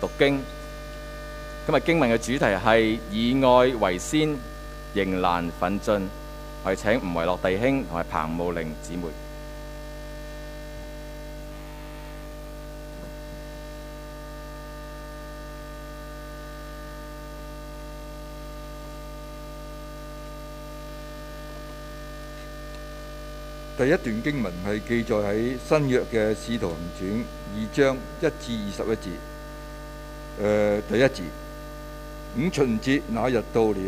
讀經，今日經文嘅主題係以愛為先，迎難奮進。係請吳維樂弟兄同埋彭慕玲姊妹。第一段經文係記載喺新約嘅《使徒行傳》二章一至二十一節。誒、呃、第一節，五旬節那日到了，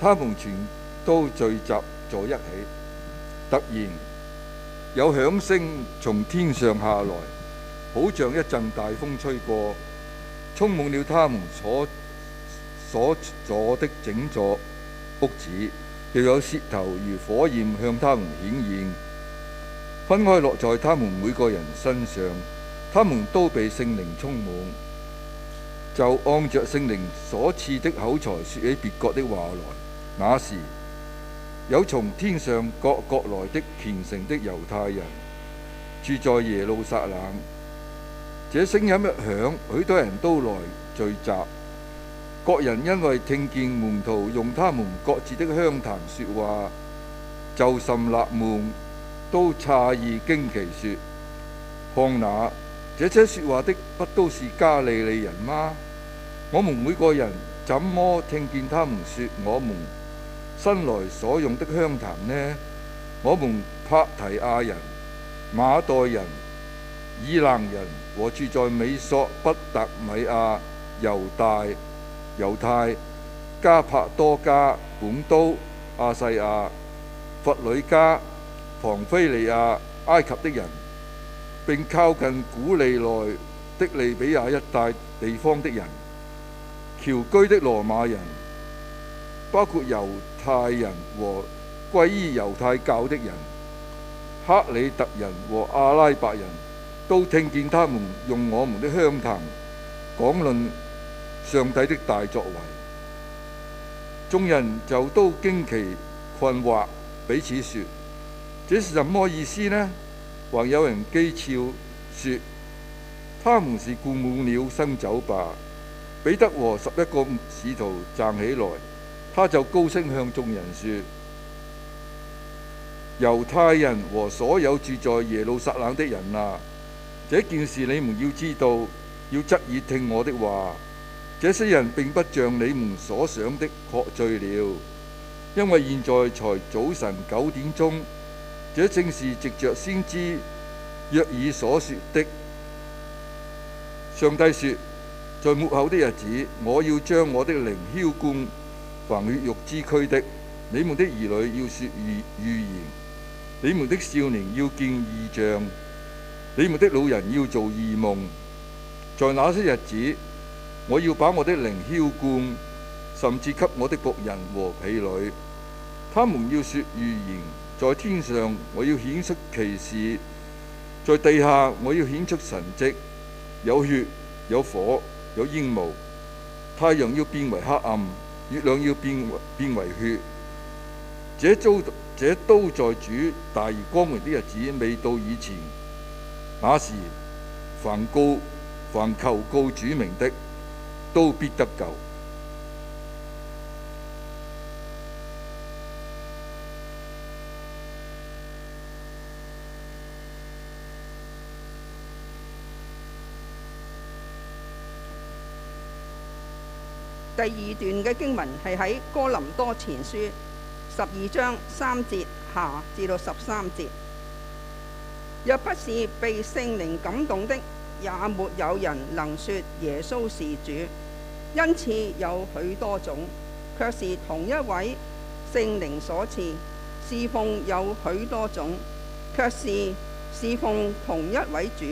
他們全都聚集在一起。突然有響聲從天上下來，好像一陣大風吹過，充滿了他們所所坐的整座屋子。又有舌頭如火焰向他們顯現，分開落在他們每個人身上，他們都被聖靈充滿。就按着聖靈所賜的口才，說起別國的話來。那時，有從天上各國來的虔誠的猶太人，住在耶路撒冷。這聲音一響，許多人都來聚集。各人因為聽見門徒用他們各自的鄉談說話，就甚納悶，都詫異驚奇，說：「看哪，這些說話的不都是加利利人嗎？」我們每個人怎麼聽見他們說我們生來所用的鄉談呢？我們帕提亞人、馬代人、以攔人和住在美索不達米亞、猶大、猶太、加帕多加、本都、亞細亞、弗呂家、旁非利亞、埃及的人，並靠近古利奈的利比亞一帶地方的人。僑居的羅馬人，包括猶太人和歸依猶太教的人、克里特人和阿拉伯人，都聽見他們用我們的鄉談講論上帝的大作為。眾人就都驚奇困惑，彼此説：這是什麼意思呢？還有人譏誚說：他們是灌滿了新酒吧。彼得和十一個使徒站起來，他就高聲向眾人說：猶太人和所有住在耶路撒冷的人啊，這件事你們要知道，要側耳聽我的話。這些人並不像你們所想的喝醉了，因為現在才早晨九點鐘，這正是藉着先知約珥所說的。上帝說。在末後的日子，我要將我的靈澆灌凡血肉之軀的。你們的兒女要説預預言，你們的少年要見異象，你們的老人要做異夢。在那些日子，我要把我的靈澆灌，甚至給我的僕人和婢女，他們要説預言。在天上，我要顯出奇事；在地下，我要顯出神跡，有血，有火。有煙霧，太陽要變為黑暗，月亮要變變為血。這遭這都在主大而光明的日子未到以前，那時凡告凡求告主名的，都必得救。第二段嘅經文係喺哥林多前書十二章三節下至到十三節，若不是被聖靈感動的，也沒有人能說耶穌是主。恩賜有許多種，卻是同一位聖靈所賜；事奉有許多種，卻是事奉同一位主；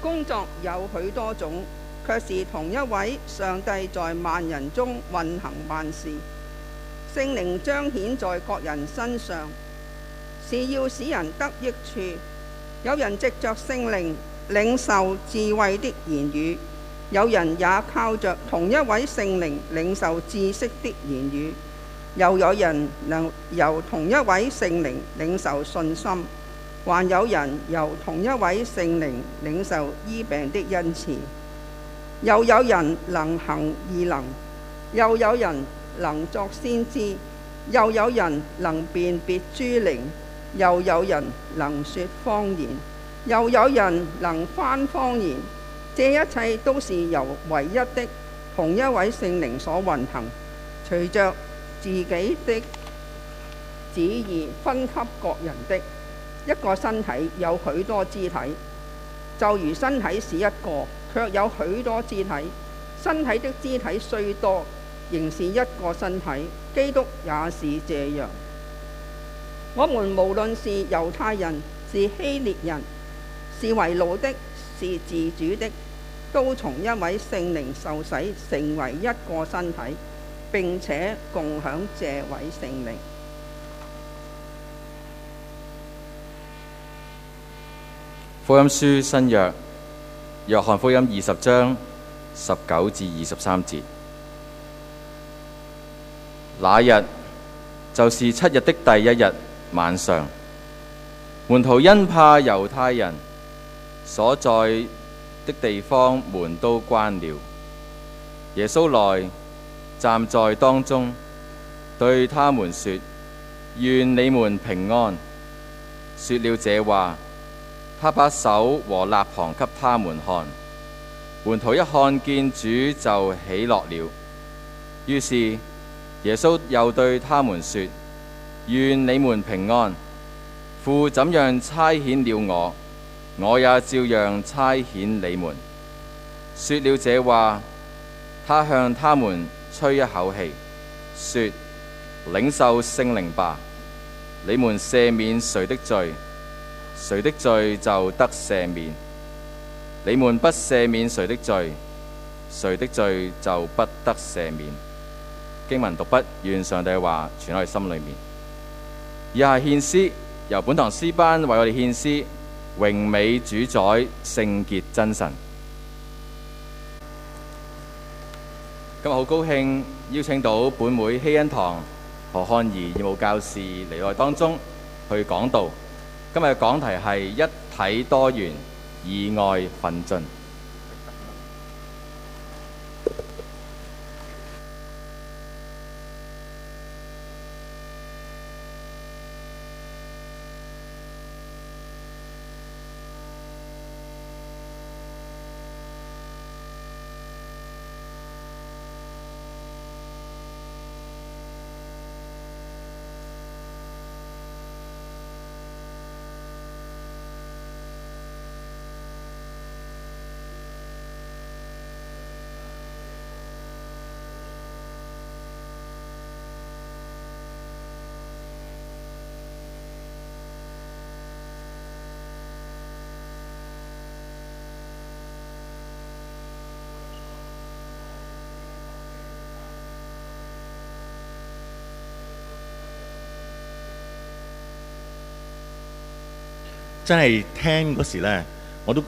工作有許多種。卻是同一位上帝在萬人中運行萬事，聖靈彰顯在各人身上，是要使人得益處。有人藉着聖靈領受智慧的言語，有人也靠着同一位聖靈領受知識的言語，又有人能由同一位聖靈領受信心，還有人由同一位聖靈領受醫病的恩賜。又有人能行異能，又有人能作先知，又有人能辨別諸靈，又有人能說方言，又有人能翻方言。這一切都是由唯一的同一位聖靈所運行，隨着自己的旨意分給各人的。一個身體有許多肢體，就如身體是一個。卻有許多肢體，身體的肢體雖多，仍是一個身體。基督也是這樣。我們無論是猶太人，是希臘人，是為奴的，是自主的，都從一位聖靈受洗，成為一個身體，並且共享這位聖靈。福音書新約。約翰福音二十章十九至二十三節，那日就是七日的第一日晚上，門徒因怕猶太人所在的地方門都關了，耶穌來站在當中，對他們說：願你們平安。說了這話。他把手和肋旁給他們看，門徒一看見主就喜樂了。於是耶穌又對他們說：願你們平安！父怎樣差遣了我，我也照樣差遣你們。說了這話，他向他們吹一口氣，說：領受聖靈吧！你們赦免誰的罪？誰的罪就得赦免？你們不赦免誰的罪，誰的罪就不得赦免。經文讀畢，願上帝話傳喺我哋心裏面。以下獻詩，由本堂詩班為我哋獻詩，榮美主宰，聖潔真神。今日好高興邀請到本會希恩堂何漢賢義務教士嚟我哋當中去講道。今日講題係一體多元，以愛奮進。真係聽嗰時咧，我都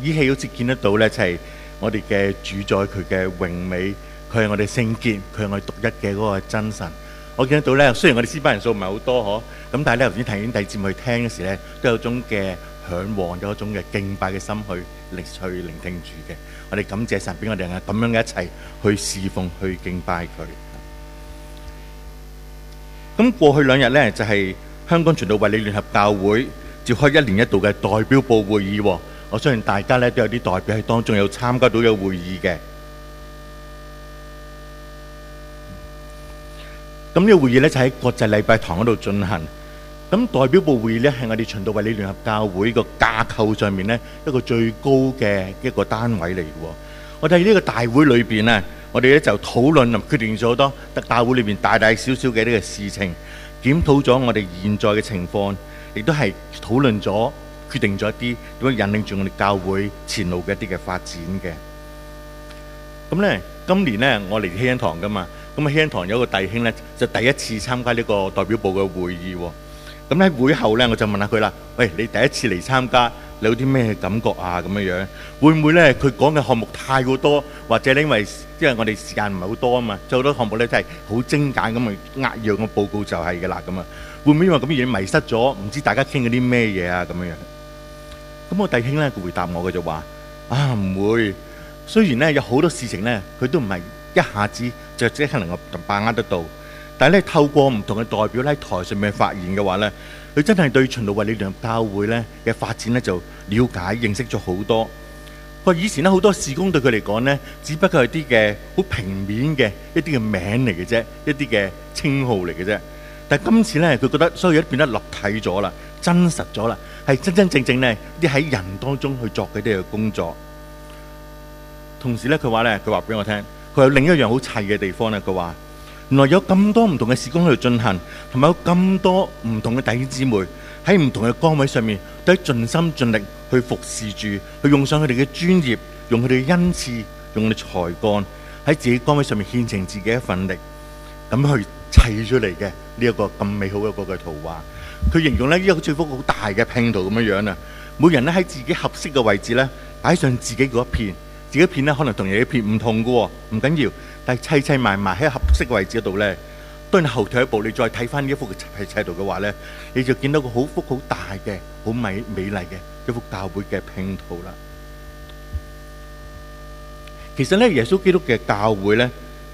依稀好似見得到咧，就係我哋嘅主宰，佢嘅榮美，佢係我哋聖潔，佢係我哋獨一嘅嗰個真神。我見得到咧，雖然我哋師班人數唔係好多呵，咁但係咧頭先睇完第二節去聽嗰時咧，都有種嘅嚮往，有一種嘅敬拜嘅心去聆去聆聽住嘅。我哋感謝神俾我哋係咁樣嘅一齊去侍奉、去敬拜佢。咁過去兩日咧，就係香港循道衛理聯合教會。召開一年一度嘅代表部會議，我相信大家咧都有啲代表喺當中有參加到嘅會議嘅。咁呢個會議咧就喺國際禮拜堂嗰度進行。咁代表部會議咧係我哋循道衛理聯合教會個架構上面咧一個最高嘅一個單位嚟嘅。我哋呢個大會裏邊啊，我哋咧就討論同決定咗好多，喺大會裏邊大大小小嘅呢個事情，檢討咗我哋現在嘅情況。亦都係討論咗、決定咗一啲，點樣引領住我哋教會前路嘅一啲嘅發展嘅。咁咧，今年咧，我嚟啲希恩堂噶嘛，咁啊希恩堂有個弟兄咧，就第一次參加呢個代表部嘅會議。咁喺會後咧，我就問下佢啦：喂，你第一次嚟參加，你有啲咩感覺啊？咁樣樣會唔會咧？佢講嘅項目太過多，或者你因為因為我哋時間唔係好多啊嘛，做好多項目咧都係好精簡咁啊壓樣嘅報告就係嘅啦咁啊。會唔會因為咁嘅嘢迷失咗？唔知大家傾咗啲咩嘢啊？咁樣樣，咁我弟兄咧佢回答我嘅就話：啊，唔會。雖然咧有好多事情咧，佢都唔係一下子就即刻能夠把握得到。但係咧透過唔同嘅代表喺台上面發言嘅話咧，佢真係對循道衛理聯合教會咧嘅發展咧就了解認識咗好多。佢話以前咧好多事工對佢嚟講咧，只不過係啲嘅好平面嘅一啲嘅名嚟嘅啫，一啲嘅稱號嚟嘅啫。但係今次咧，佢覺得所有都變得立體咗啦，真實咗啦，係真真正正咧啲喺人當中去做佢哋嘅工作。同時咧，佢話咧，佢話俾我聽，佢有另一樣好齊嘅地方咧，佢話原來有咁多唔同嘅事工喺度進行，同埋有咁多唔同嘅弟兄姊妹喺唔同嘅崗位上面都盡心盡力去服侍住，去用上佢哋嘅專業，用佢哋嘅恩賜，用佢哋才幹喺自己崗位上面獻呈自己一份力，咁去。砌出嚟嘅呢一個咁美好嘅一個圖畫，佢形容咧呢一個最幅好大嘅拼圖咁樣樣啦，每人咧喺自己合適嘅位置咧擺上自己嗰一片，自己一片咧可能同人哋一片唔同嘅，唔緊要，但係砌砌埋埋喺合適嘅位置嗰度咧，當你後退一步，你再睇翻呢一幅嘅砌圖嘅話咧，你就見到個好幅好大嘅、好美美麗嘅一幅教會嘅拼圖啦。其實咧，耶穌基督嘅教會咧。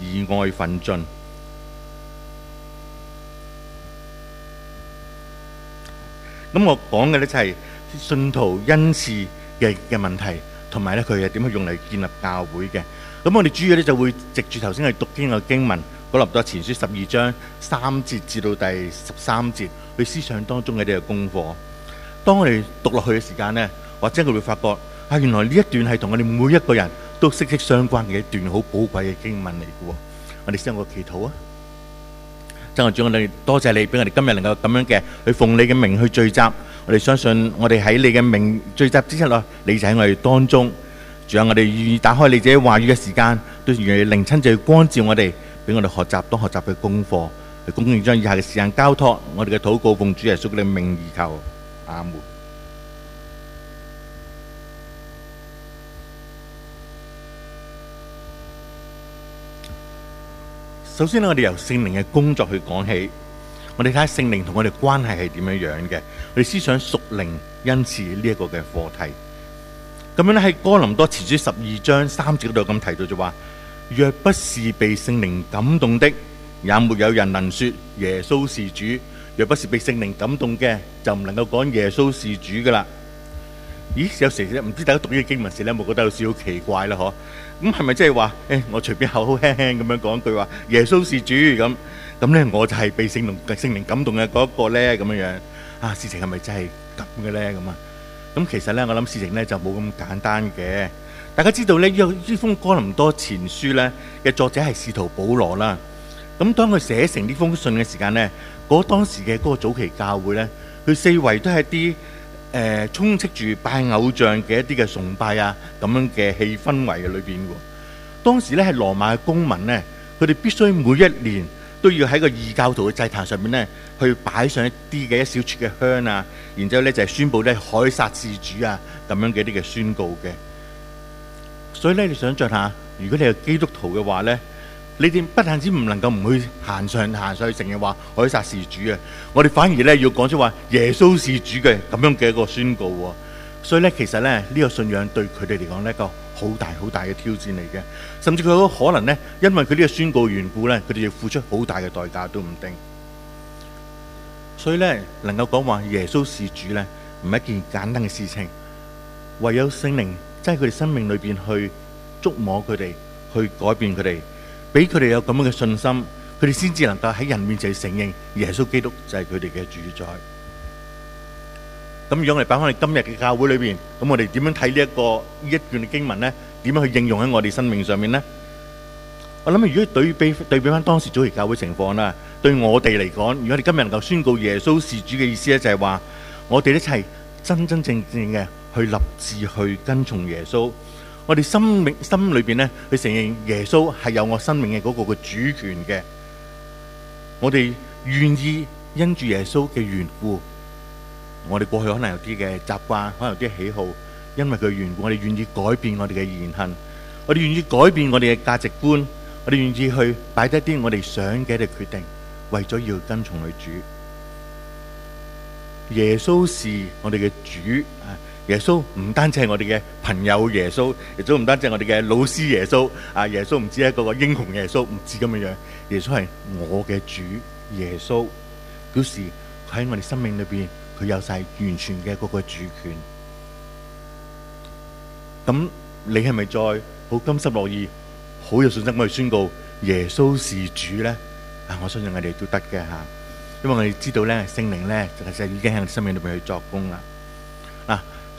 以愛奮進。咁我講嘅咧就係信徒恩賜嘅嘅問題，同埋咧佢係點樣用嚟建立教會嘅。咁我哋主要咧就會藉住頭先係讀經嘅經文，哥林多前書十二章三節至到第十三節，去思想當中嘅呢個功課。當我哋讀落去嘅時間咧，或者佢會發覺啊，原來呢一段係同我哋每一個人都息息相關嘅一段好寶貴嘅經文嚟嘅喎，我哋先有個祈禱啊，親愛主我哋多謝你俾我哋今日能夠咁樣嘅去奉你嘅名去聚集，我哋相信我哋喺你嘅名聚集之下，你就喺我哋當中。仲有我哋願意打開你自己話語嘅時間，都願意聆聽，就去光照我哋，俾我哋學習當學習嘅功課。恭敬將以下嘅時間交託我哋嘅禱告奉主耶穌嘅名而求，阿門。首先咧，我哋由聖靈嘅工作去講起，我哋睇下聖靈同我哋關係係點樣樣嘅。我哋思想屬靈，因此呢一個嘅課題。咁樣咧喺哥林多前書十二章三節度咁提到就話：若不是被聖靈感動的，也沒有人能說耶穌是主；若不是被聖靈感動嘅，就唔能夠講耶穌是主噶啦。咦？有時唔知大家讀呢個經文時咧，有冇覺得有少少奇怪咧？嗬？咁係咪即係話誒，我隨便口口輕輕咁樣講一句話，耶穌是主咁，咁咧我就係被聖靈聖靈感動嘅嗰一個咧，咁樣樣啊，事情係咪真係咁嘅咧咁啊？咁其實咧，我諗事情咧就冇咁簡單嘅。大家知道咧，呢呢封哥林多前書咧嘅作者係使徒保羅啦。咁當佢寫成呢封信嘅時間咧，嗰當時嘅嗰個早期教會咧，佢四圍都係啲。誒、呃、充斥住拜偶像嘅一啲嘅崇拜啊，咁樣嘅氣氛圍嘅裏邊，當時咧係羅馬嘅公民咧，佢哋必須每一年都要喺個異教徒嘅祭壇上面咧，去擺上一啲嘅一小撮嘅香啊，然之後咧就係宣布咧海撒自主啊，咁樣嘅一啲嘅宣告嘅。所以咧，你想象下，如果你係基督徒嘅話咧。你哋不但止唔能夠唔去行上行上去，成日話凱撒是主嘅，我哋反而咧要講出話耶穌是主嘅咁樣嘅一個宣告喎。所以咧，其實咧呢個信仰對佢哋嚟講咧，一個好大好大嘅挑戰嚟嘅，甚至佢可能呢，因為佢呢個宣告緣故呢，佢哋要付出好大嘅代價都唔定。所以呢，能夠講話耶穌是主呢，唔係一件簡單嘅事情，唯有聖靈即係佢哋生命裏邊去觸摸佢哋，去改變佢哋。俾佢哋有咁樣嘅信心，佢哋先至能夠喺人面前去承認耶穌基督就係佢哋嘅主宰。咁如果我哋擺翻喺今日嘅教會裏邊，咁我哋點樣睇呢一個呢一段經文咧？點樣去應用喺我哋生命上面咧？我諗如果對比對比翻當時早期教會情況啦，對我哋嚟講，如果你今日能夠宣告耶穌事主嘅意思咧，就係話我哋一齊真真正正嘅去立志去跟從耶穌。我哋生命心裏邊咧，去承認耶穌係有我生命嘅嗰個嘅主權嘅。我哋願意因住耶穌嘅緣故，我哋過去可能有啲嘅習慣，可能有啲喜好，因為佢緣故，我哋願意改變我哋嘅言行，我哋願意改變我哋嘅價值觀，我哋願意去擺低一啲我哋想嘅嘅決定，為咗要跟從主。耶穌是我哋嘅主啊！耶穌唔單止係我哋嘅朋友，耶穌耶穌亦都唔單止係我哋嘅老師，耶穌啊，耶穌唔止係嗰個英雄，耶穌唔止咁嘅樣，耶穌係我嘅主耶穌，表示佢喺我哋生命裏邊，佢有晒完全嘅嗰個主權。咁你係咪再好甘心樂意，好有信心咁去宣告耶穌是主咧？啊，我相信我哋都得嘅吓，因為我哋知道咧，聖靈咧就係已經喺我哋生命裏邊去作工啦。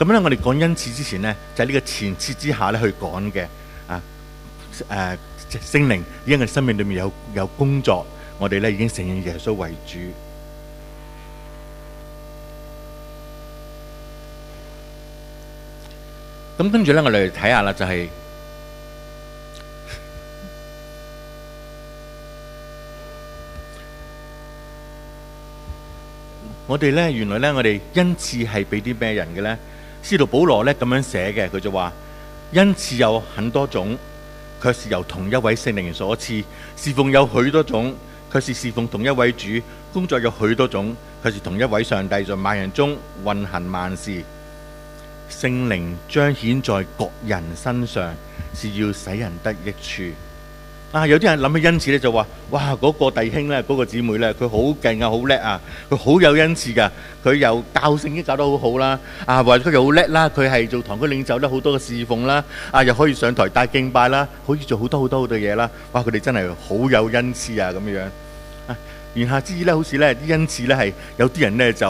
咁咧，我哋講恩賜之前呢，就喺、是、呢個前提之下咧去講嘅啊，誒、呃，聖靈因為生命裏面有有工作，我哋咧已經承認耶穌為主。咁跟住咧，我哋嚟睇下啦，就係、是、 我哋咧，原來咧，我哋恩賜係俾啲咩人嘅咧？司徒保羅呢咁樣寫嘅，佢就話：因此有很多種，卻是由同一位聖靈所賜；侍奉有許多種，卻是侍奉同一位主；工作有許多種，卻是同一位上帝在萬人中運行萬事。聖靈彰顯在各人身上，是要使人得益處。啊！有啲人諗起恩賜咧，就話：哇！嗰個弟兄咧，嗰個姊妹咧，佢好勁啊，好叻啊，佢好有恩賜噶，佢又教性已經教得好好啦。啊，或者佢又好叻啦，佢係做堂區領袖啦，好多嘅侍奉啦，啊，又可以上台帶敬拜啦，可以做好多好多好多嘢啦。哇！佢哋真係好有恩賜啊，咁樣樣。言下之意咧，好似咧啲恩賜咧係有啲人咧就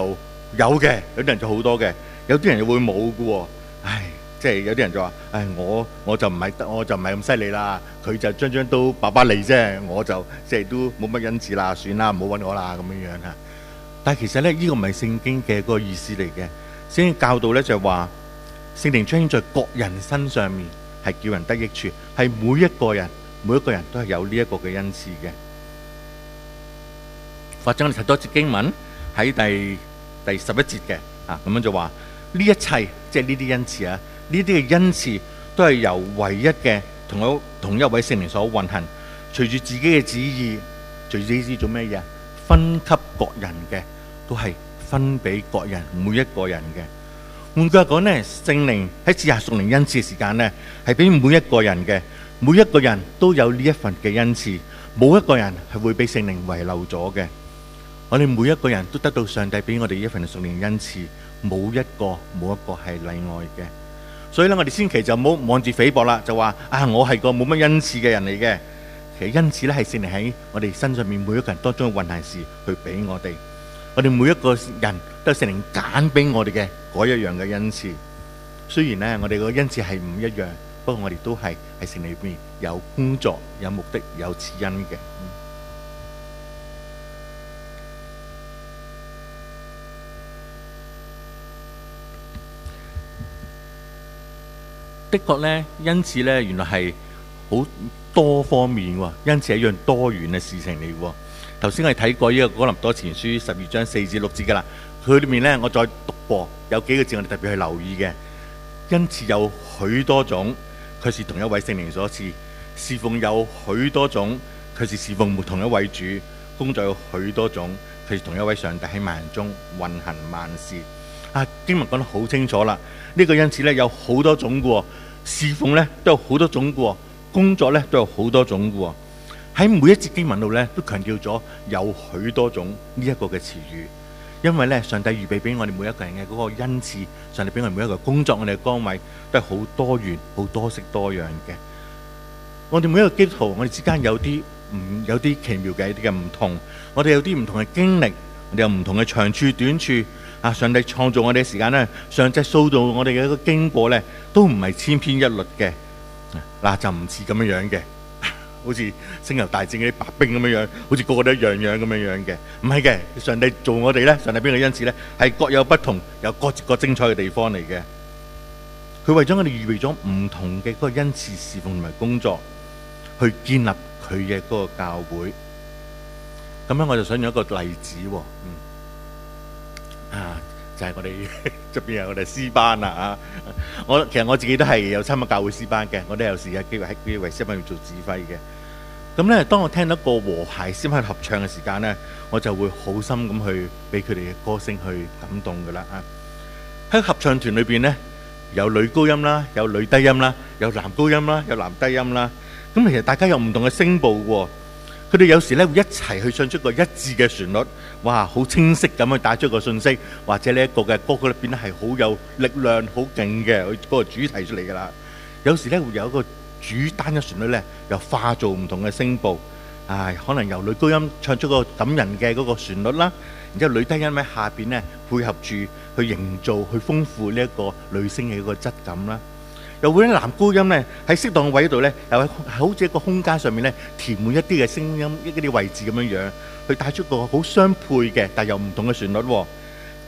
有嘅，有啲人就好多嘅，有啲人又會冇㗎喎。唉。即係有啲人就話，唉、哎，我我就唔係，我就唔係咁犀利啦。佢就張張都百百利啫，我就，就，將將爸爸我就即係都冇乜恩賜啦，算啦，唔好搵我啦咁樣樣啊。但係其實咧，呢、這個唔係聖經嘅個意思嚟嘅。聖經教導咧就係、是、話，聖靈出現在各人身上面係叫人得益處，係每一個人，每一個人都係有呢一個嘅恩賜嘅。或者你睇多一節經文喺第第十一節嘅啊，咁樣就話呢一切即係呢啲恩賜啊。呢啲嘅恩賜都係由唯一嘅同一同一位聖靈所運行，隨住自己嘅旨意，隨住呢啲做咩嘢？分給各人嘅，都係分俾各人每一個人嘅。換句話講咧，聖靈喺賜下屬靈恩賜嘅時間咧，係俾每一個人嘅，每一個人都有呢一份嘅恩賜，冇一個人係會俾聖靈遺漏咗嘅。我哋每一個人都得到上帝俾我哋一份屬靈恩賜，冇一個冇一個係例外嘅。所以咧，我哋千祈就唔好妄自菲薄啦，就話啊，我係個冇乜恩賜嘅人嚟嘅。其實恩賜咧係聖靈喺我哋身上面每一個人當中嘅運行事，去俾我哋。我哋每一個人都係聖靈揀俾我哋嘅嗰一樣嘅恩賜。雖然咧我哋個恩賜係唔一樣，不過我哋都係喺聖靈裏面有工作、有目的、有次因嘅。的確呢，因此呢，原來係好多方面喎，因此係一樣多元嘅事情嚟喎。頭先我哋睇過、這個呢個《哥林多前書》十二章四至六節㗎啦，佢裏面呢，我再讀過有幾個字，我哋特別去留意嘅。因此有許多種，佢是同一位聖靈所賜侍奉；有許多種，佢是侍奉同一位主工作；有許多種，佢是同一位上帝喺萬人中運行萬事。啊，經文講得好清楚啦。呢個恩賜咧有好多種嘅喎，侍奉咧都有好多種嘅喎，工作咧都有好多種嘅喎。喺每一節經文度咧都強調咗有許多種呢一個嘅詞語，因為咧上帝預備俾我哋每一個人嘅嗰個恩賜，上帝俾我哋每一個工作我哋嘅崗位都係好多元、好多色多樣嘅。我哋每一個基督徒，我哋之間有啲唔有啲奇妙嘅一啲嘅唔同，我哋有啲唔同嘅經歷，我哋有唔同嘅長處短處。啊！上帝創造我哋嘅時間咧，上帝塑造我哋嘅一個經過咧，都唔係千篇一律嘅。嗱、啊，就唔似咁樣樣嘅， 好似星球大戰嗰啲白兵咁樣樣，好似個個都一樣樣咁樣樣嘅，唔係嘅。上帝做我哋咧，上帝邊個恩慈咧，係各有不同，有各自各精彩嘅地方嚟嘅。佢為咗我哋預備咗唔同嘅嗰個恩慈侍奉同埋工作，去建立佢嘅嗰個教會。咁咧，我就想用一個例子、哦、嗯。啊！就係我哋出邊係我哋詩班啦啊！我其實我自己都係有參加教會詩班嘅，我都有時有機會喺啲為詩班做指揮嘅。咁咧，當我聽到一個和諧詩班合唱嘅時間咧，我就會好心咁去俾佢哋嘅歌聲去感動噶啦啊！喺合唱團裏邊咧，有女高音啦，有女低音啦，有男高音啦，有男低音啦。咁其實大家有唔同嘅聲部喎。佢哋有時咧會一齊去唱出個一致嘅旋律，哇！好清晰咁去打出一個信息，或者呢一個嘅歌曲入邊咧係好有力量、好勁嘅個主題出嚟㗎啦。有時咧會有一個主單嘅旋律咧，又化做唔同嘅聲部，啊，可能由女高音唱出個感人嘅嗰個旋律啦，然之後女低音喺下邊咧配合住去營造、去豐富呢一個女聲嘅一個質感啦。又會喺男高音咧喺適當嘅位度咧，又係好似一個空間上面咧填滿一啲嘅聲音一啲位置咁樣樣，去帶出個好相配嘅，但又唔同嘅旋律。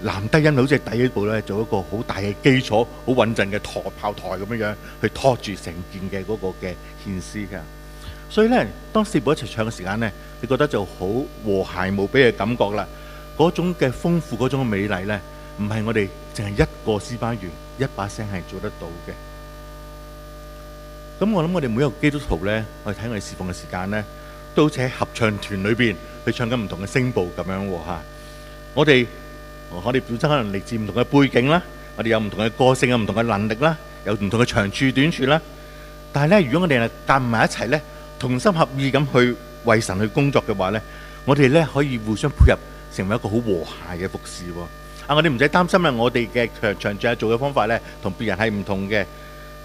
男低音好似係第一步咧，做一個好大嘅基礎，好穩陣嘅台炮台咁樣樣去拖住成件嘅嗰個嘅獻詩嘅。所以咧，當四部一齊唱嘅時間咧，你覺得就好和諧無比嘅感覺啦。嗰種嘅豐富，嗰種美麗咧，唔係我哋淨係一個詩班員一把聲係做得到嘅。咁我諗我哋每一個基督徒咧，我哋睇我哋侍奉嘅時間咧，都好似喺合唱團裏邊去唱緊唔同嘅聲部咁樣喎吓。我哋我哋本身可能嚟自唔同嘅背景啦，我哋有唔同嘅個性啊，有唔同嘅能力啦，有唔同嘅長處短處啦。但係咧，如果我哋係夾埋一齊咧，同心合意咁去為神去工作嘅話咧，我哋咧可以互相配合，成為一個好和諧嘅服侍。啊，我哋唔使擔心啊，我哋嘅長長處啊，做嘅方法咧，同別人係唔同嘅。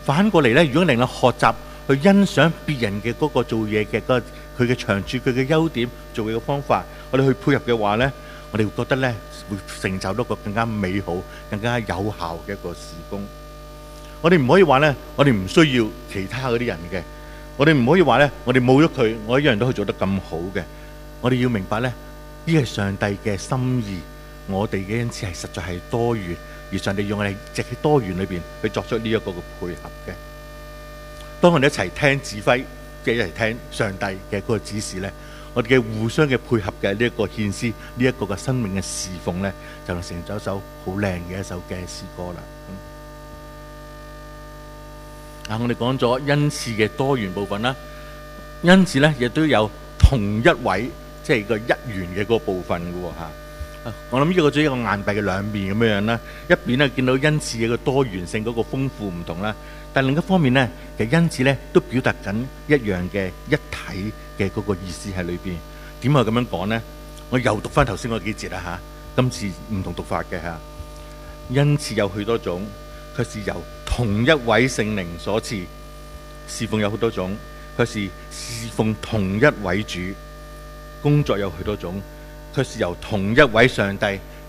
反過嚟咧，如果令我學習去欣賞別人嘅嗰個做嘢嘅個佢嘅長處、佢嘅優點、做嘢嘅方法，我哋去配合嘅話咧，我哋會覺得咧會成就到一個更加美好、更加有效嘅一個事工。我哋唔可以話咧，我哋唔需要其他嗰啲人嘅。我哋唔可以話咧，我哋冇咗佢，我一樣都可以做得咁好嘅。我哋要明白咧，呢係上帝嘅心意，我哋嘅恩賜係實在係多餘。而上帝用喺藉起多元裏邊去作出呢一個嘅配合嘅。當我哋一齊聽指揮，即係一齊聽上帝嘅嗰個指示咧，我哋嘅互相嘅配合嘅呢一個獻詩，呢一個嘅生命嘅侍奉咧，就成咗一首好靚嘅一首嘅詩歌啦。啊，我哋講咗恩賜嘅多元部分啦，恩賜咧亦都有同一位，即係個一元嘅嗰部分噶吓。我諗呢個最一個硬幣嘅兩面咁樣樣啦，一邊咧見到恩賜嘅多元性嗰個豐富唔同啦，但另一方面呢，其實恩賜咧都表達緊一樣嘅一體嘅嗰個意思喺裏邊。點係咁樣講呢？我又讀翻頭先嗰幾節啦吓，今次唔同讀法嘅吓、啊。恩賜有許多種，卻是由同一位聖靈所賜；侍奉有好多種，卻是侍奉同一位主；工作有許多種。佢是由同一位上帝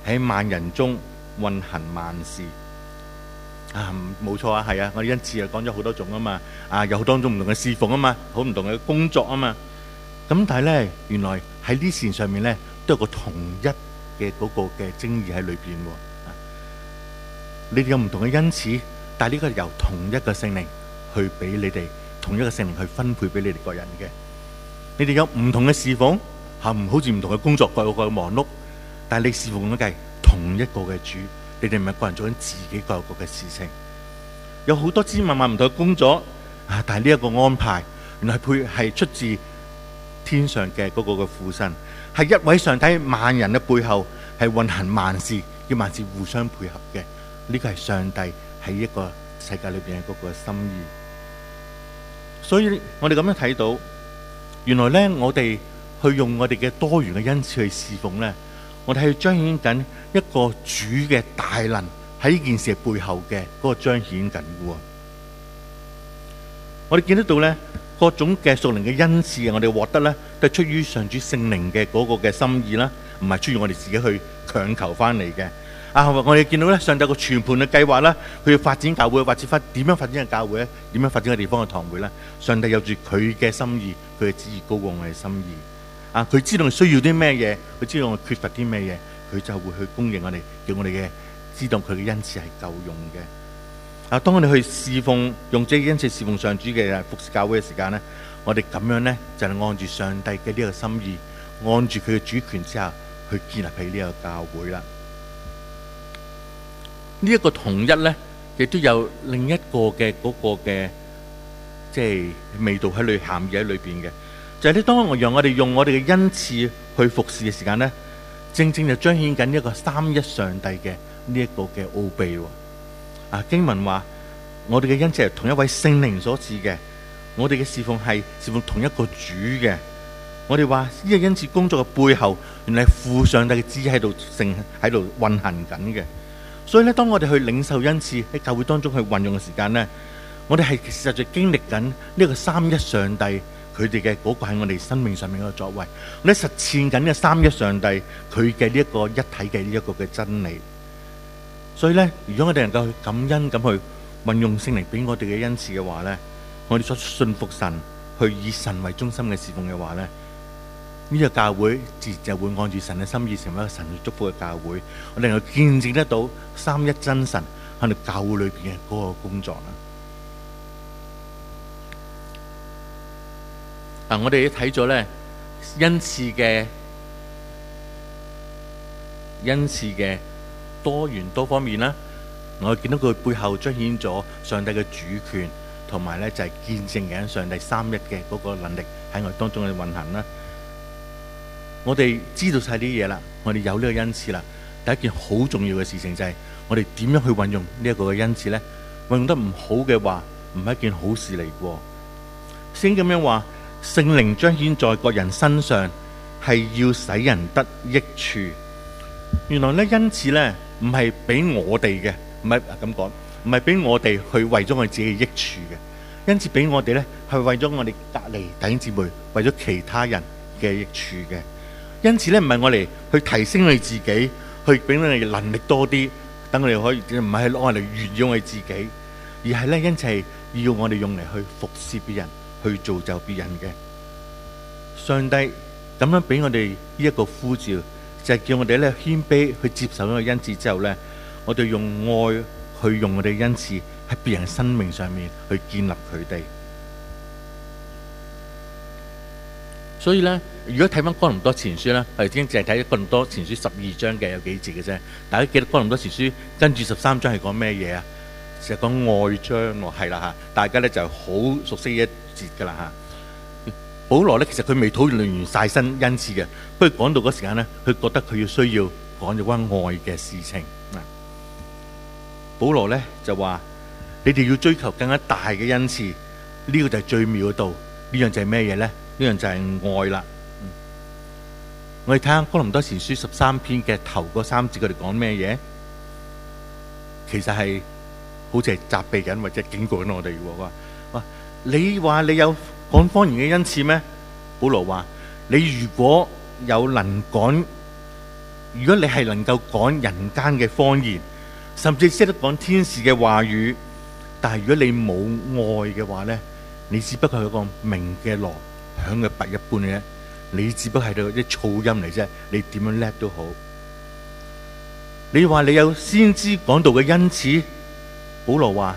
喺萬人中運行萬事啊，冇錯啊，係啊，我哋恩賜啊講咗好多種啊嘛，啊有好多種唔同嘅侍奉啊嘛，好唔同嘅工作啊嘛，咁但係咧，原來喺呢綫上面咧，都有個同一嘅嗰個嘅精義喺裏邊喎。你哋有唔同嘅恩賜，但係呢個由同一個聖靈去俾你哋，同一個聖靈去分配俾你哋各人嘅。你哋有唔同嘅侍奉。含好似唔同嘅工作，各有各嘅忙碌，但係你事奉都係同一個嘅主，你哋唔係個人做緊自己各有各嘅事情，有好多千萬萬唔同嘅工作，但係呢一個安排，原來配係出自天上嘅嗰個嘅父神，係一位上帝萬人嘅背後，係運行萬事，要萬事互相配合嘅，呢個係上帝喺一個世界裏邊嘅嗰個心意。所以我哋咁樣睇到，原來咧我哋。去用我哋嘅多元嘅恩賜去侍奉咧，我哋係彰顯緊一個主嘅大能，喺呢件事背後嘅嗰個彰顯緊噶。我哋見得到咧，各種嘅屬靈嘅恩賜，我哋獲得咧都係出於上主聖靈嘅嗰個嘅心意啦，唔係出於我哋自己去強求翻嚟嘅。啊，我哋見到咧，上帝個全盤嘅計劃啦，佢要發展教會，或者發點樣發展嘅教會咧？點樣發展嘅地方嘅堂會咧？上帝有住佢嘅心意，佢嘅旨意高過我哋心意。啊！佢知道你需要啲咩嘢，佢知道我缺乏啲咩嘢，佢就會去供應我哋，叫我哋嘅知道佢嘅恩賜係夠用嘅。啊！當我哋去侍奉，用這恩賜侍奉上主嘅服侍教會嘅時間咧，我哋咁樣咧就係按住上帝嘅呢個心意，按住佢嘅主權之下去建立起呢個教會啦。呢一個統一咧，亦都有另一個嘅嗰個嘅即係味道喺裏鹹嘢喺裏邊嘅。就係咧，當我讓我哋用我哋嘅恩賜去服侍嘅時間呢，正正就彰顯緊一個三一上帝嘅呢一個嘅奧秘喎。啊，經文話我哋嘅恩賜係同一位聖靈所賜嘅，我哋嘅侍奉係侍奉同一個主嘅。我哋話呢個恩賜工作嘅背後，原來係父上帝嘅旨意喺度成喺度運行緊嘅。所以咧，當我哋去領受恩賜喺教會當中去運用嘅時間呢，我哋係實在在經歷緊呢個三一上帝。佢哋嘅嗰個係我哋生命上面嘅作為，我哋實踐緊嘅三一上帝，佢嘅呢一個一體嘅呢一個嘅真理。所以咧，如果我哋能夠去感恩咁去運用聖靈俾我哋嘅恩賜嘅話咧，我哋所信服神，去以神為中心嘅侍奉嘅話咧，呢個教會自然就會按住神嘅心意，成為一個神祝福嘅教會。我哋能夠見證得到三一真神喺度教會裏邊嘅嗰個工作啦。嗱、啊，我哋睇咗咧恩賜嘅恩賜嘅多元多方面啦，我見到佢背後彰顯咗上帝嘅主權，同埋咧就係、是、見證緊上帝三一嘅嗰個能力喺我哋當中嘅運行啦。我哋知道晒啲嘢啦，我哋有呢個恩賜啦。第一件好重要嘅事情就係、是、我哋點樣去運用呢一個嘅恩賜咧？運用得唔好嘅話，唔係一件好事嚟嘅。先咁樣話。聖靈彰顯在各人身上，係要使人得益處。原來咧，因此咧，唔係俾我哋嘅，唔係咁講，唔係俾我哋去為咗我哋自己嘅益處嘅。因此俾我哋咧，係為咗我哋隔籬弟兄姊妹，為咗其他人嘅益處嘅。因此咧，唔係我哋去提升你自己，去俾你能力多啲，等我哋可以唔係攞我嚟運用你自己，而係咧，因此係要我哋用嚟去服侍別人。去造就別人嘅上帝，噉樣俾我哋呢一個呼召，就係、是、叫我哋咧謙卑去接受呢個恩賜之後咧，我哋用愛去用我哋嘅恩賜喺別人生命上面去建立佢哋。所以咧，如果睇翻《哥林多前書呢》咧，我哋今日淨係睇《哥林多前書》十二章嘅有幾節嘅啫。大家記得《哥林多前書》跟住十三章係講咩嘢啊？就係講愛章喎，係啦嚇。大家咧就好熟悉嘅。嘅啦吓，保羅咧其實佢未討論完晒身恩賜嘅，不過講到嗰時間咧，佢覺得佢要需要講咗關愛嘅事情嗱。保羅咧就話：，你哋要追求更加大嘅恩賜，呢、這個就係最妙嘅道。呢樣就係咩嘢咧？呢樣就係愛啦。我哋睇下《哥林多前書》十三篇嘅頭嗰三節，佢哋講咩嘢？其實係好似係責備緊或者警告緊我哋喎。你話你有講方言嘅恩賜咩？保羅話：你如果有能講，如果你係能夠講人間嘅方言，甚至識得講天使嘅話語，但係如果你冇愛嘅話咧，你只不過係一個鳴嘅鑼響嘅鈸一般嘅，你只不過係到一噪音嚟啫。你點樣叻都好，你話你有先知講道嘅恩賜？保羅話。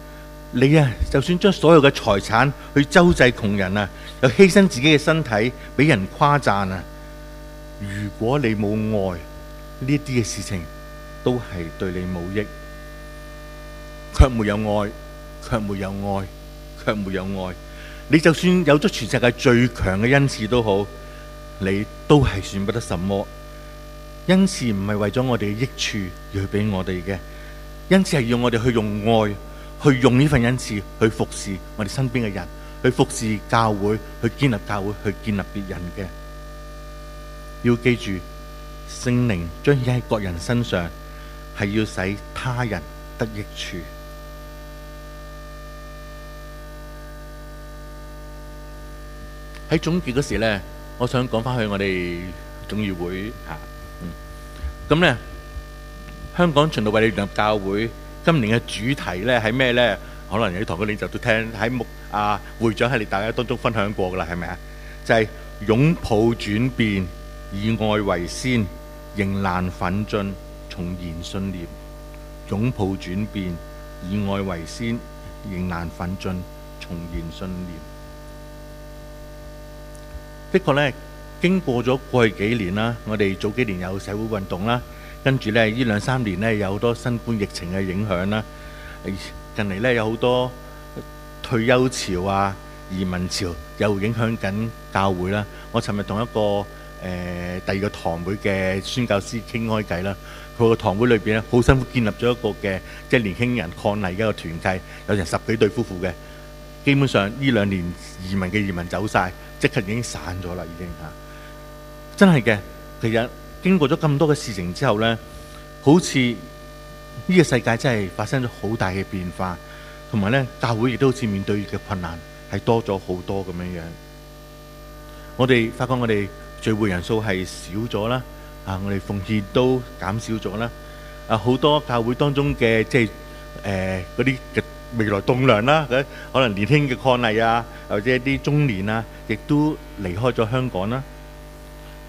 你啊，就算將所有嘅財產去周濟窮人啊，又犧牲自己嘅身體俾人誇讚啊！如果你冇愛，呢啲嘅事情都係對你冇益。卻沒有愛，卻沒有愛，卻沒有愛。你就算有咗全世界最強嘅恩賜都好，你都係算不得什麼。恩賜唔係為咗我哋嘅益處而去俾我哋嘅，恩賜係要我哋去用愛。去用呢份恩賜去服侍我哋身邊嘅人，去服侍教會，去建立教會，去建立別人嘅。要記住，聖靈彰顯喺各人身上，係要使他人得益處。喺總結嗰時咧，我想講翻去我哋總議會吓，嗯，咁咧，香港循道衛理聯合教會。今年嘅主題咧係咩呢？可能喺堂嗰啲就都聽喺牧啊會長喺你大家當中分享過噶啦，係咪啊？就係、是、擁抱轉變，以愛為先，迎難奮進，重燃信念。擁抱轉變，以愛為先，迎難奮進，重燃信念。的確呢，經過咗過去幾年啦，我哋早幾年有社會運動啦。跟住呢，呢兩三年呢，有好多新冠疫情嘅影響啦。近嚟呢，有好多退休潮啊、移民潮，又影響緊教會啦。我尋日同一個誒、呃、第二個堂會嘅宣教師傾開偈啦。佢個堂會裏邊呢，好辛苦建立咗一個嘅即係年輕人抗逆嘅一個團契，有成十幾對夫婦嘅。基本上呢兩年移民嘅移民走晒，即刻已經散咗啦，已經嚇。真係嘅，其實。經過咗咁多嘅事情之後呢，好似呢個世界真係發生咗好大嘅變化，同埋呢教會亦都好似面對嘅困難係多咗好多咁樣樣。我哋發覺我哋聚會人數係少咗啦，啊，我哋奉獻都減少咗啦，啊，好多教會當中嘅即係誒嗰啲嘅未來棟樑啦，可能年輕嘅伉儷啊，或者一啲中年啊，亦都離開咗香港啦。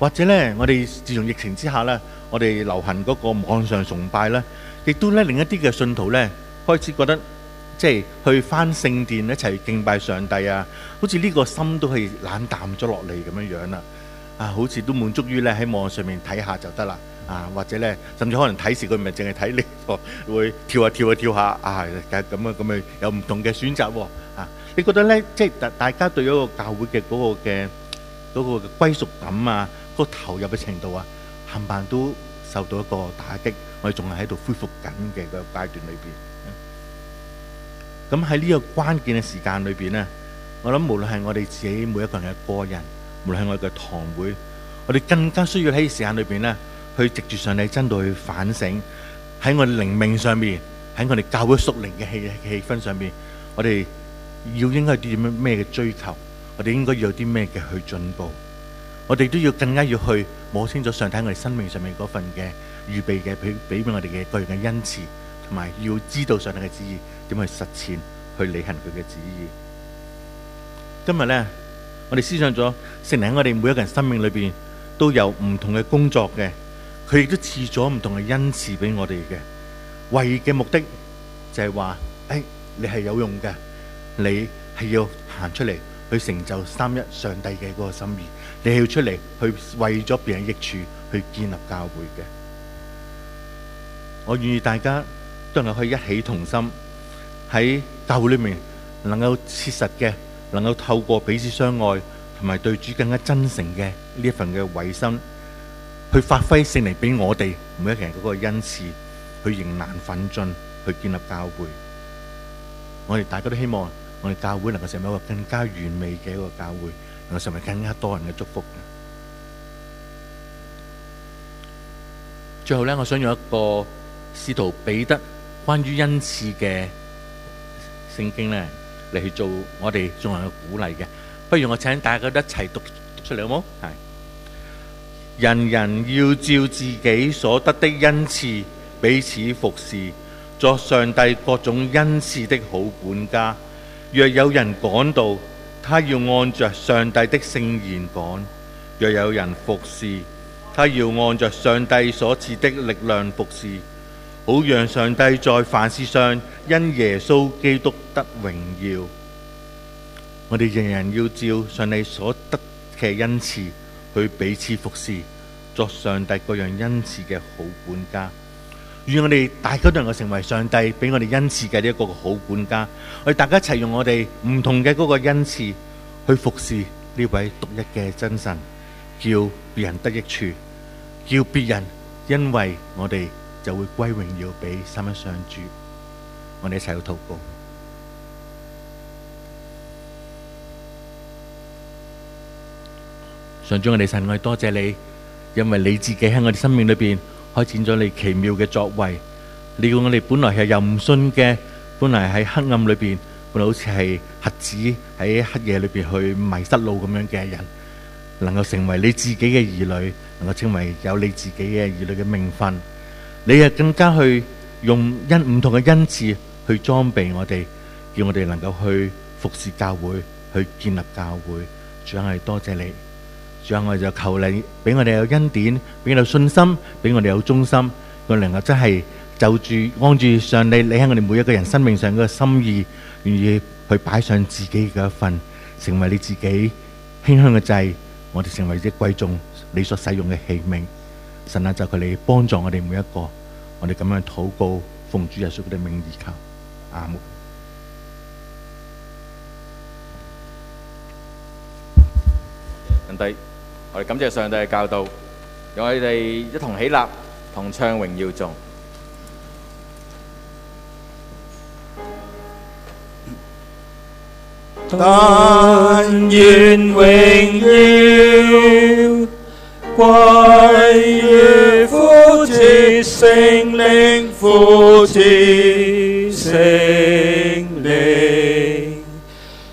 或者咧，我哋自從疫情之下咧，我哋流行嗰個網上崇拜咧，亦都咧另一啲嘅信徒咧開始覺得，即係去返聖殿一齊敬拜上帝啊，好似呢個心都係冷淡咗落嚟咁樣樣啦。啊，好似都滿足於咧喺網上面睇下就得啦。啊，或者咧，甚至可能睇時佢唔係淨係睇呢個，會跳下跳下跳下。啊，咁啊咁啊，有唔同嘅選擇喎。啊，你覺得咧，即係大大家對嗰個教會嘅嗰個嘅嗰個歸屬感啊，都投入嘅程度啊，冚唪唥都受到一個打擊，我哋仲係喺度恢復緊嘅個階段裏邊。咁喺呢個關鍵嘅時間裏邊咧，我諗無論係我哋自己每一個人嘅個人，無論係我哋嘅堂會，我哋更加需要喺時間裏邊咧，去直住上帝真道去反省，喺我哋靈命上面，喺我哋教會屬靈嘅氣氣氛上面，我哋要應該啲咩咩嘅追求？我哋應該要有啲咩嘅去進步？我哋都要更加要去摸清楚上帝我哋生命上面嗰份嘅預備嘅俾俾俾我哋嘅個人嘅恩賜，同埋要知道上帝嘅旨意點去實踐，去履行佢嘅旨意。今日咧，我哋思想咗，成日喺我哋每一個人生命裏邊都有唔同嘅工作嘅，佢亦都賜咗唔同嘅恩賜俾我哋嘅。為嘅目的就係話，誒，你係有用嘅，你係要行出嚟去成就三一上帝嘅嗰個心意。你要出嚟去為咗別人益處，去建立教會嘅，我願意大家都能去一起同心喺教會裏面，能夠切實嘅，能夠透過彼此相愛同埋對主更加真誠嘅呢一份嘅委身，去發揮聖靈俾我哋每一個人嗰個恩賜，去迎難奮進，去建立教會。我哋大家都希望我哋教會能夠成為一個更加完美嘅一個教會。我成為更加多人嘅祝福呢。最後咧，我想用一個使徒彼得關於恩賜嘅聖經咧，嚟去做我哋眾人嘅鼓勵嘅。不如我請大家一齊讀,讀出嚟好冇？係，人人要照自己所得的恩賜，彼此服侍，作上帝各種恩賜的好管家。若有人講道。他要按着上帝的聖言講，若有人服侍，他要按着上帝所賜的力量服侍，好讓上帝在凡事上因耶穌基督得榮耀。我哋仍然要照上帝所得嘅恩賜去彼此服侍，作上帝各樣恩賜嘅好管家。願我哋大家都能夠成為上帝俾我哋恩賜嘅一個好管家，我哋大家一齊用我哋唔同嘅嗰個恩賜去服侍呢位獨一嘅真神，叫別人得益處，叫別人因為我哋就會歸榮耀俾三一上主。我哋一齊去禱告。上主，我哋神愛，多謝你，因為你自己喺我哋生命裏邊。開展咗你奇妙嘅作為，令我哋本來係唔信嘅，本來喺黑暗裏邊，本來好似係瞎子喺黑夜裏邊去迷失路咁樣嘅人，能夠成為你自己嘅兒女，能夠成為有你自己嘅兒女嘅命分。你又更加去用因恩唔同嘅恩賜去裝備我哋，叫我哋能夠去服侍教會，去建立教會，主要係多謝你。我哋就求你俾我哋有恩典，俾我哋有信心，俾我哋有忠心，佢能夠真係就住按住上帝，你喺我哋每一個人生命上嘅心意，願意去擺上自己嘅一份，成為你自己馨香嘅祭，我哋成為一貴重你所使用嘅器皿。神啊，就佢哋幫助我哋每一個，我哋咁樣禱告，奉主耶穌嘅名而求。阿們，兄弟。我哋感謝上帝嘅教導，讓佢哋一同起立，同唱榮耀頌。但願榮耀歸於父子聖靈父子聖。